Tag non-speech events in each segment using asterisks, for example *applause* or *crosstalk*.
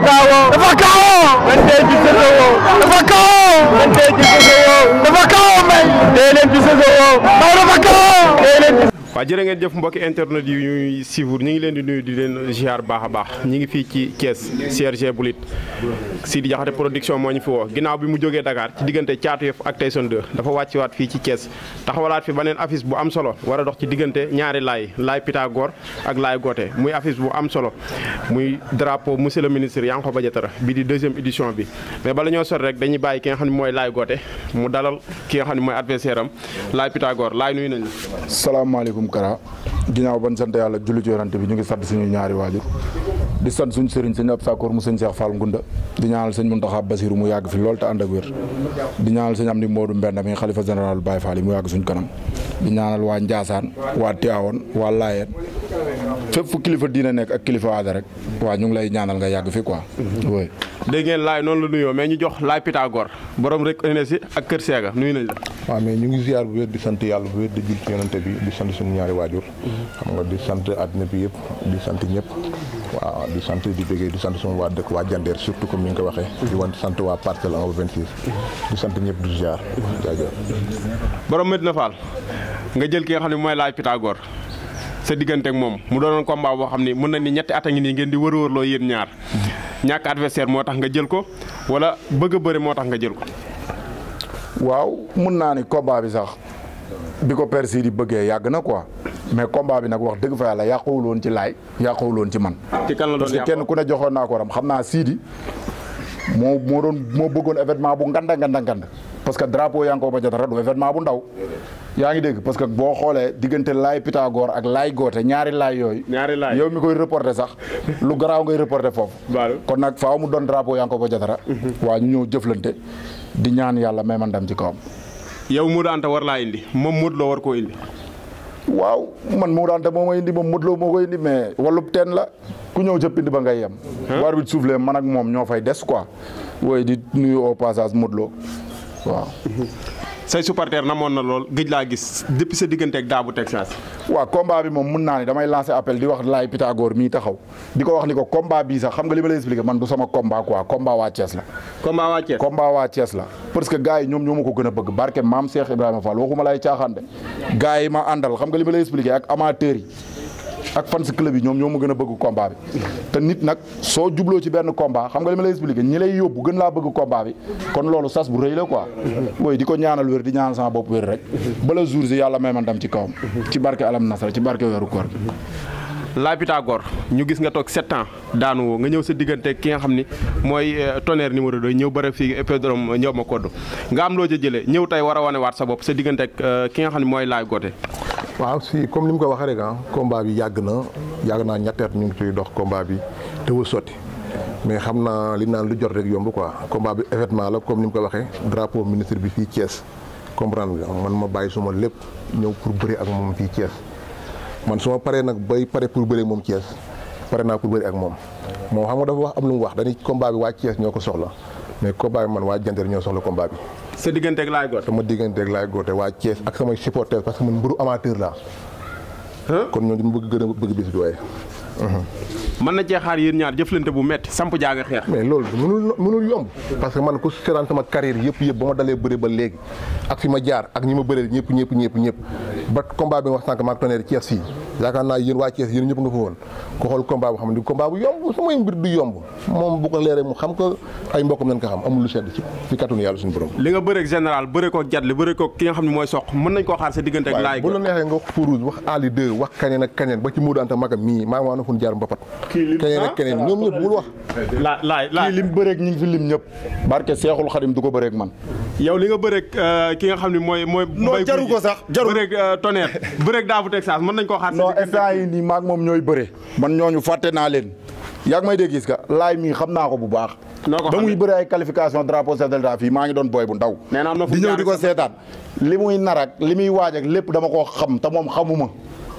dafa kaawoo dafa kaawoo man tey ji sësewoo dafa kaawoo man tey ji sësewoo waaw jërë ngeen jëf mbokki internet yi ñuy suivre ñu ngi leen di nuyu di leen ziar baax a baax ñu ngi fii ci Thiès CRG Bulit Sidi Diakhaté production moo ñu fi woo ginnaaw bi mu jógee Dakar ci diggante Caatu Yoff ak Tyson 2 dafa wàcciwaat fii ci Thiès taxawalaat fi beneen affiche bu am solo war a dox ci diggante ñaari laay laay Pythagore ak laay Goté muy affiche bu am solo muy drapeau monsieur le ministre Yankhoba Diattara bi di deuxième édition bi mais ba ñoo sori rek dañuy bàyyi ki nga xam ne mooy laay Goté mu dalal ki nga xam ne mooy adversaire am laay Pythagore laay nuyu nañu salaamaaleykum Maalum Kara ginnaaw ban sant yàlla julli ci yonante bi ñu ngi sant suñu ñaari waajur di sant suñ sëriñ sëñ ab Sakkoor mu sëñ Cheikh Fall Ngunda di ñaanal sëñ Mountakha Bassirou mu yàgg fi lool te ànd ak wér di ñaanal am ni Modou mbenn mi xalifa général Baye Fall yi mu yàgg suñ kanam di ñaanal waa Ndiassane waa Tivaouane waa Layène fépp fu kilifa diina nekk ak kilifa aada rek waa ñu ngi lay ñaanal nga yàgg fi quoi. oui. dégg ngeen laay noonu la nuyoo mais ñu jox laay Pythagore borom rek énergie ak kër Seega nuyu nañ la. waaw mais ñu ngi si bu wér di sant yàlla bu wér di jul ci yonante bi di sant suñu ñaari waajur. Mhm. xam sant àddina bi yëpp di sant ñëpp. waaw di sant di bëggee di sant sama waa dëkk waa jandeer surtout comme ni nga waxee mhm. di wan sant waa parcelle en 26 mhm. di sant ñëpp du jaar mhm. jaajëf borom Medina Fall nga jël ki nga xam ne mooy laaj Pythagore sa diggante ak moom mu doonoon combat boo xam ni mën na ni ñetti at a ngi nii ngeen di wër wër yéen ñaar ñàkk adversaire moo tax nga jël ko wala bëgg a bëri moo tax nga jël ko waaw mun naa ni combat bi sax bi ko persi di bëggee yàgg na quoi mais combat bi nag wax dëgg fa yàlla yàquwul woon ci laay yàquwul woon ci man. ci kan la doon parce que kenn ku ne joxoon naa ko ram xam naa Sidi moo moo doon moo bëggoon événement bu nganda nganda nganda parce que drapeau yaa ngi ko jot du événement bu ndaw. yaa ngi dégg parce que boo xoolee diggante laay Pythagore ak laay goote ñaari laay yooyu. ñaari laay yow mi koy reporté sax lu garaaw ngay reporté foofu. kon nag faaw mu doon drapeau yaa ngi ko ba mhm. waa ñu ñëw jëflante di ñaan yàlla may man dam ci kawam. yow Modou Anta war laa indi moom Modou Lo war koo waaw man moo daan te moo ma indi moom Modou moo koy indi mais wàllub teen la ku ñëw ca pind ba ngay yem. war bi suuf lee man ak moom ñoo fay des quoi. wooy di nuyu au passage waaw. *laughs* say supporter namoon na lool gëj laa gis depuis sa diggante ak Daabu Texas. waaw combat bi moom mun naa ne damay lancer appel di wax laay Pythagore mii taxaw di ko wax ni ko combat bii sax xam nga li ma lay expliquer man du sama combat quoi combat waa Thiès la. combat waa Thiès combat waa Thiès la. parce que gars yi ñoom ñoo ma ko gën a bëgg barke maam Cheikh Ibrahima Fall waxuma laay caaxaan de ma àndal xam nga li ma lay expliquer ak amateurs yi. ak fans club yi ñoom ñoo ma gën a bëgg combat bi te nit nag soo jubloo ci benn combat xam nga li ma lay expliqué ñi lay yóbbu gën laa bëgg combat bi kon loolu sas bu rëy la quoi booy di ko ñaanal wér di ñaanal sama bopp wér rek bala jour yàlla may man dam ci kawam ci barke alam nasara ci barke weeru koor gi la Pythagore ñu gis nga toog sept ans daanu woo nga ñëw sa diggante ki nga xam ni mooy euh, tonnerre numéro 2 ñëw bëre fii hippodrome euh, ñëw ma kodd nga am loo ca jëlee ñëw tey war a wanewaat bopp sa diggante euh, ki nga xam ne mooy laay goote waaw si comme ni mu ko waxee rek ah combat bi yàgg na yàgg naa ñetteet ñu ngi ciy dox combat bi te wu sotti mais xam naa li naan lu jot rek yomb quoi combat bi événement la comme ni mu ko waxee drapeau ministre bi fii Thiès comprendre nga man ma bàyyi suma lépp ñëw pour bëri ak moom fii Thiès man su paree nag bay pare pour bëri moom Thiès pare naa pour bëri ak moom moom xam nga dafa wax am lu mu wax dañuy combat bi waa Thiès ñoo ko soxla mais combat bi man waa Jandeer ñoo soxla combat bi. sa digganteeg Laay Gothé. sama digganteeg Laay Gothé waa Thiès ak samay supporters parce que man mburu amateur laa. kon ñooñu mu bëgg gën a bëgg bis bi waaye. mën na cee xaar yéen ñaar jëflante bu metti samp jaaga xeex. mais loolu mënul mënul yomb. parce que man ku seetaan sama carrière yëpp yëpp ba ma dalee bëre ba léegi ak fi ma jaar ak ñi ma bëreel ñëpp ñëpp ñëpp ñëpp ba combat bi ma wax sànq maag Tonnerre Thiès fii yaakaar naa yéen waa Thiès yéen ñëpp nga fa woon ko xool combat bu xam ne combat bu yomb su may mbir du yomb moom bu leeree mu xam ko ay mbokkam nañ ko xam amul lu sedd ci ci kàttanu yàlla suñu borom li nga bëreeg général ne mooy soq mën nañ koo xaar sa diggante ak laay bu la neexee nga wax Fourouz wax Ali wax kaneen ak kaneen ba ci Modou Anta Magam mii maa maa na fun jaar mbapat kaneen ak ah? kaneen ñoom ñëpp bul wax la laay laay lim bëreeg ñu lim ñëpp barke Seexul Xadim du ko bëreeg man yow li nga bëreeg euh, ki nga xam ne mooy mooy jaru ko sax euh, non instant yi nii maak moom ñooy bëre man ñooñu fàtte naa leen yaa ngi may dégg gis ka laay mii xam naa ko bu baax ba muy bëre ay qualification drapeau chef de l'État fii maa ngi doon booy bu ndaw di ñëw di ko seetaan li muy nar ak li muy waaj ak lépp dama ko xam te moom xamuma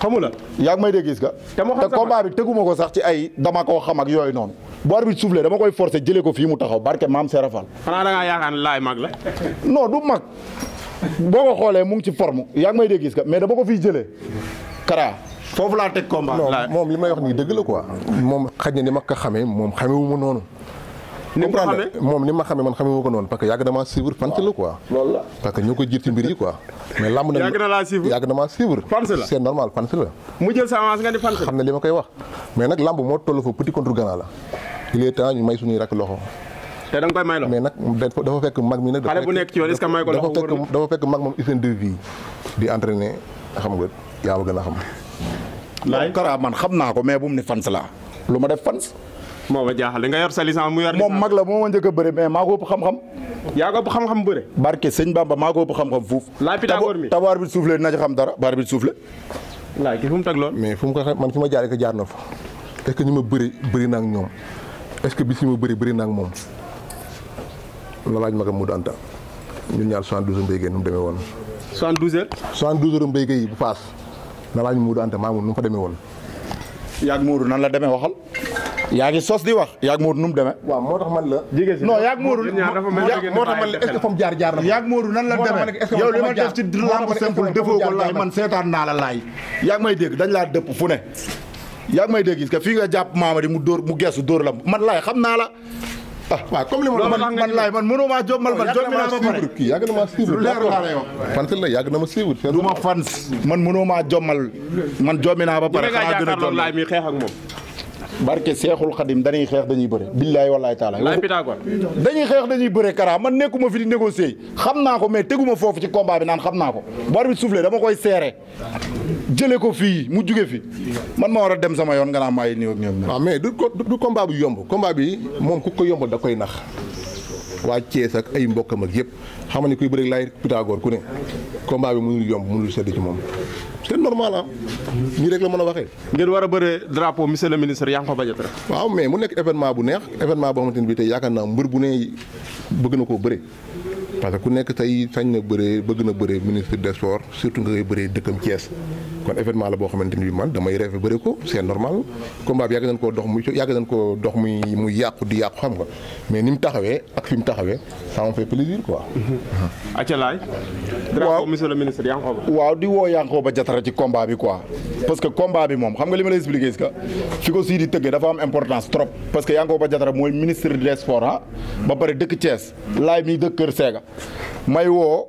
xamu la yaa ngi may dégg gis ka te combat bi teguma ko sax ci ay dama koo xam ak yooyu noonu bu arbitre soufflé dama koy forcé jëlee ko fii mu taxaw barke maam Serafal xanaa da ngaa yaakaar mag la *laughs* non du mag boo ko xoolee mu ngi ci forme yaa ngi may dégg gis ka mais dama ko fiy jëlee kara foofu laa teg combat moom li may wax nii dëgg la quoi. moom xaj na ni ma ko xamee moom xamewu ma noonu. ni ni ma xamee man xamee wu ko noonu parce que yàgg na maa suivre fant la quoi. Ah, parce que ñoo ko jiir ci mbir yi quoi. mais làmb na yàgg na laa suivre yàgg ne li ma koy wax mais nag làmb moo toll fa petit contre gannaaw la il est temps ñu may suñuy rakk loxo. mais nag dafa fekk mag mi nag. dafa fekk mag moom hygiène de vie di entraîner xam nga yaa gën a xam laay Kara man xam naa ko mais bu mu ni fans laa lu ma def fans. moo ma jaaxal nga yor sa licence mu yor. moom mag la moo ma njëkk a bëre mais maa ko ëpp xam-xam. yaa ko ëpp xam-xam bëre. barke sëñ Bamba maa ko ëpp xam-xam fuuf. laay Pythagore mi tabaar bi suufle dina ci xam dara baar bi suufle. laay ki fu mu teg lool. mais fu mu ko xam man fi ma jaaree ko jaar na fa est-ce que ñu ma bëri bëri na ak ñoom est-ce que bis ñu ma bëri bëri na ak moom la laaj ma ko Modou Anta ñun ñaar 72 heures mbéy mi nu mu demee woon. 72 heures. 72 heures mbéy bu paas la waañ Moodu Anta Maamun nu mu fa demee woon. yaag Moodu nan la demee waxal. yaa ngi sos di wax yaag mu mu demee. waaw moo tax man la. jigéen si non yaag Moodu moo tax man la est jaar jaar na. yaag Moodu nan la demee yow li ma def ci lamb simple defoo ko laay man seetaan naa la laay. yaag may dégg dañ laa dëpp fu ne. yaag may dégg fii nga jàpp Mamadi mu dóor mu geesu dóor la man laay xam naa la ah waaw comme li ma la man man laay man mënoo maa jóg man man jóg naa ma kii yàgg na maa siiwul lu leer laa lay wax fante la yàgg na ma siiwul ma fans man mënoo maa jommal man jommi naa ba pare xanaa gën a jommal barke seexul xadim dañuy xeex dañuy bëre billaay wallaay taala dañuy xeex dañuy bëre kara man nekkuma fi di négocier xam naa ko mais teguma foofu ci kombaa bi naan xam naa ko bor bi soufflé dama koy seere jële ko fii mu juge fi man ma war a dem sama yoon nga naa maay nii ak ñoom waaw mais du du combat yomb combat bi moom ku ko yombal da koy nax waa Thiès ay mbokkam ak yëpp xam ne kuy bëre laay Pythagore ku ne bi mënul yomb mënul sedd ci moom c'est normal ah nii rek la mën a waxee. ngeen war a bëree drapeau monsieur le ministre Yankhoba Diattara. waaw mais mu nekk événement bu neex événement boo xamante ni bii tey yaakaar naa mbër bu ne bëgg na koo bëre. parce que ku nekk tey sañ na bëree bëgg na bëree ministre des sports surtout nga koy bëree dëkkam Thiès. kon événement la bo xamanteni yu man damay rêve bëri ko c'est normal combat bi yag nañ ko dox muy yag nañ ko dox muy muy yaq di yaq xam nga mais nim taxawé ak fim taxawé ça on fait plaisir quoi. Mm-hmm. lay drapo monsieur le ministre Yankhoba waaw di woo Yankhoba Diattara ci combat bi quoi parce que combat bi mom xam nga li lay expliquer ska fi ko dafa am importance trop parce que Yankhoba Diattara moy ministre des sports ah. ba pare deuk Thiès lay mi dëkk keur Sega may wo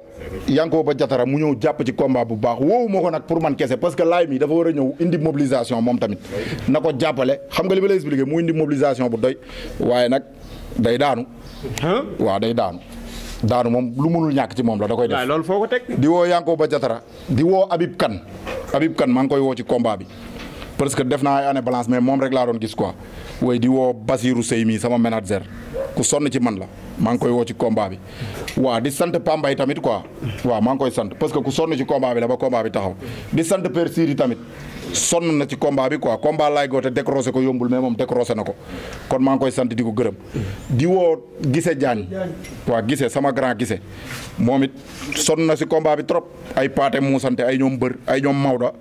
Yankoba Diatara mu ñëw jàpp ci combat bu baax woowu moo ko nag pour man kese parce que laay mi dafa war a ñëw indi mobilisation moom tamit na ko jàppale xam nga li ma lay expliqué mu indi mobilisation bu doy waaye nag day daanu. waaw day daanu. daanu moom lu mënul ñàkk ci moom la da koy def loolu foo ko teg. di woo ba jatara di woo Habib kan Habib kan maa ngi koy woo ci combat bi. parce que def naa ay année balance mais moom rek laa doon gis quoi way di woo Basirou Sey mii sama manager ku sonn ci man la maa ngi koy woo ci combat bi waaw di sant Pambay tamit quoi waaw maa ngi koy sant parce que ku sonn ci combat bi la ba combat bi taxaw di sant Père Siri tamit sonn na ci combat bi quoi combat laay goote décroché ko yombul mais moom décroché na ko kon maa ngi koy sant di ko gërëm di woo gise jaañ waa gise sama grand gise moom it sonn na si combat bi trop ay paate mu sant ay ñoom bër ay ñoom Maoda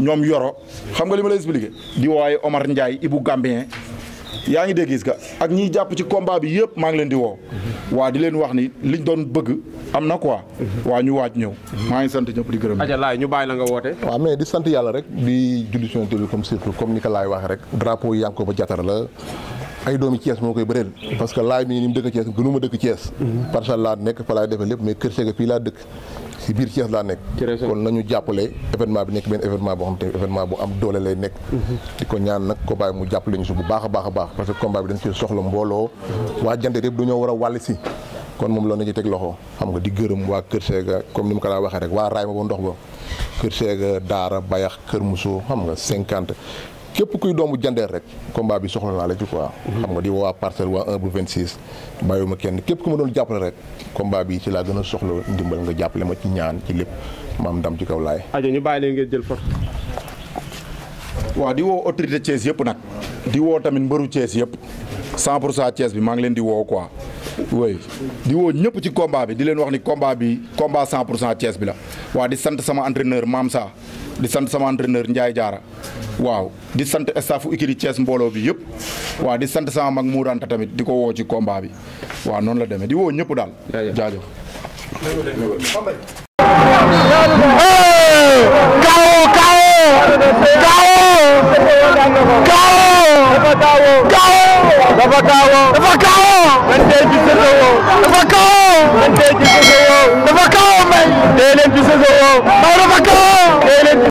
ñoom Yoro xam nga li ma lay expliqué di woo ay Omar Ndiaye Ibou Gambien yaa ngi dégg gis ga ak ñiy jàpp ci combat bi yëpp maa ngi leen di woo. waa di leen wax ni liñ doon bëgg am na quoi. waa ñu waaj ñëw. maa ngi sant ñëpp di gërëm. Adja Laye ñu bàyyi la nga woote. waaw mais di sant yàlla rek di julli si télé comme surtout comme ni ko laay waxee rek drapeau Yankoba Diattara la. ay doomi Thiès moo koy bëreel parce que laay mii ni mu dëkk Thiès gënuma dëkk Thiès. Mhm. parce que laa nekk fa laay defee lépp mais kër Sega fii laa dëkk. si biir Thiès laa nekk. kon nañu jàppale événement bi nekk benn événement boo xam te événement bu am doole lay nekk. Mhm. di ko ñaan nag ko baay mu jàpp ñu si bu baax a baax a baax parce que combat bi dañ ci soxla mbooloo. waa Jandeer yëpp dañoo war a wàll si. kon moom loolu la ñuy teg loxo xam nga di gërëm waa Kër Sega comme ni mu ko laa waxee rek waa raay ma ba ndox ba Kër Sega Daara Bayax Kër musoo xam nga cinquante képp kuy doomu jandeer rek combat bi soxla naa la ci quoi. xam nga di waa parcelle waa 1 bu 26. ma kenn képp ku ma doon jàppale rek combat bi ci laa gën a soxla ndimbal nga jàppale ma ci ñaan ci lépp maam ndam ci kaw laay. ajo ñu bàyyi leen ngeen jël force. waaw di woo autorité Thiès yëpp nag. di woo tamit mbëru Thiès yëpp. 100 pour cent Thiès bi maa ngi leen di woo quoi. oui di woo ñëpp ci combat bi di leen wax ni combat bi combat 100 pour la waaw di sant sama maam Mamsa di sant sama entraîneur Ndiaye Diarra waaw di sant staffu écurie Thiès mbooloo bi yëpp waaw di sant sama mag Mourante tamit di ko woo ci combat bi waaw noonu la demee di woo ñëpp daal jaajëf K.O. K.O. dafa kaawoo dafa kaawoo dafa kaawoo man tey ci Soso woo dafa kaawoo man tey ci Soso woo dafa kaawoo may tey leen ci Soso woo may dafa kaawoo tey leen ci